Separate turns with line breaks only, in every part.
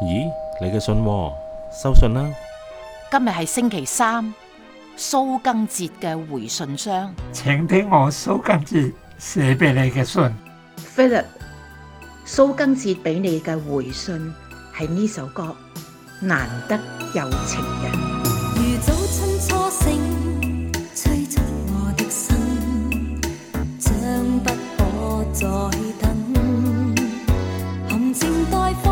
咦，你嘅信，收信啦。今日係星期三，蘇賡哲嘅回信箱，請聽我蘇賡哲寫俾你嘅信。Philip，蘇賡哲俾你嘅回信係呢首歌，難得有情人。如早春初醒，吹擦我的心，將不可再等，含情待放。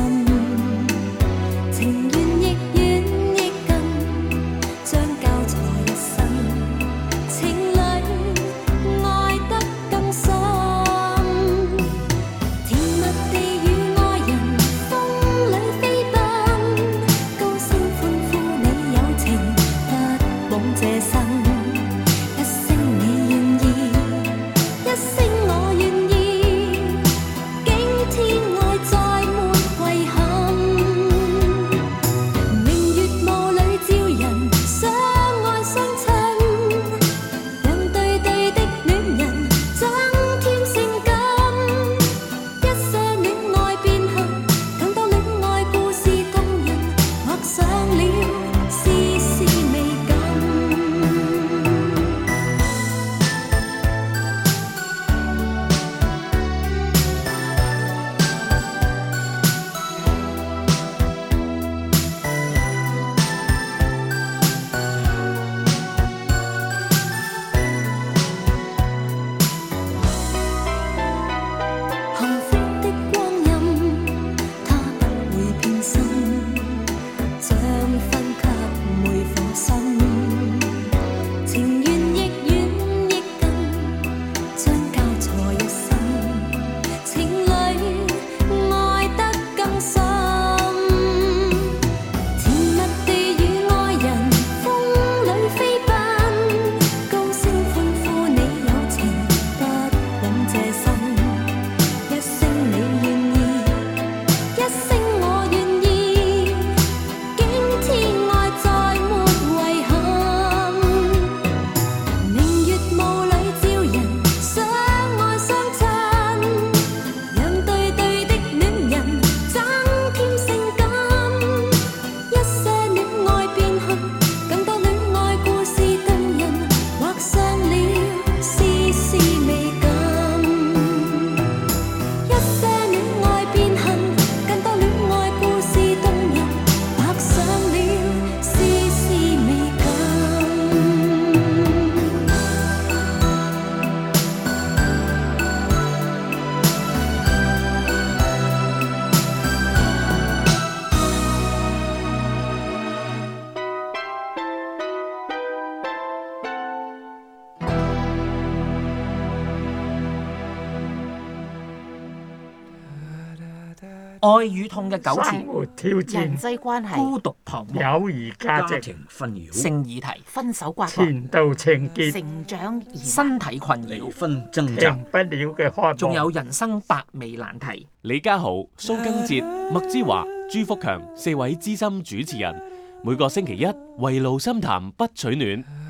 愛與痛嘅糾纏，人際關係，孤獨彷徨，友誼價值，家庭困擾，性議題，分手關，前度情結，成長，身體困擾，離婚，爭執，停不了嘅開端，仲有人生百味難題。李家豪、蘇賡哲、麥之華、朱福強四位資深主持人，每個星期一圍爐深談不取暖。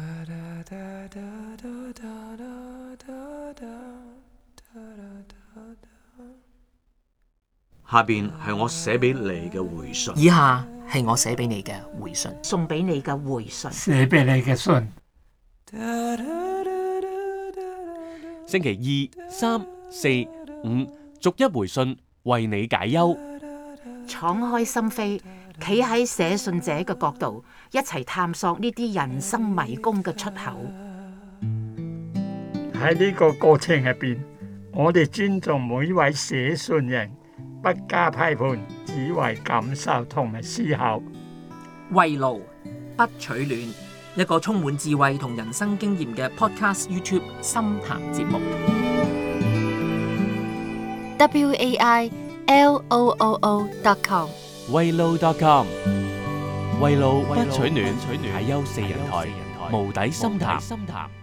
下邊係我寫俾你嘅回信。以下係我寫俾你嘅回信，送俾你嘅回信，寫俾你嘅信。星期二、三、四、五，逐一回信，為你解憂。敞開心扉，企喺寫信者嘅角度，一齊探索呢啲人生迷宮嘅出口。喺呢個過程入邊，我哋尊重每一位寫信人。不加批判，只為感受同埋思考。為路不取暖，一個充滿智慧同人生經驗嘅 Podcast YouTube 深談節目。wailooo.com 為路 .com 為路不取暖，大優四人台無底深談。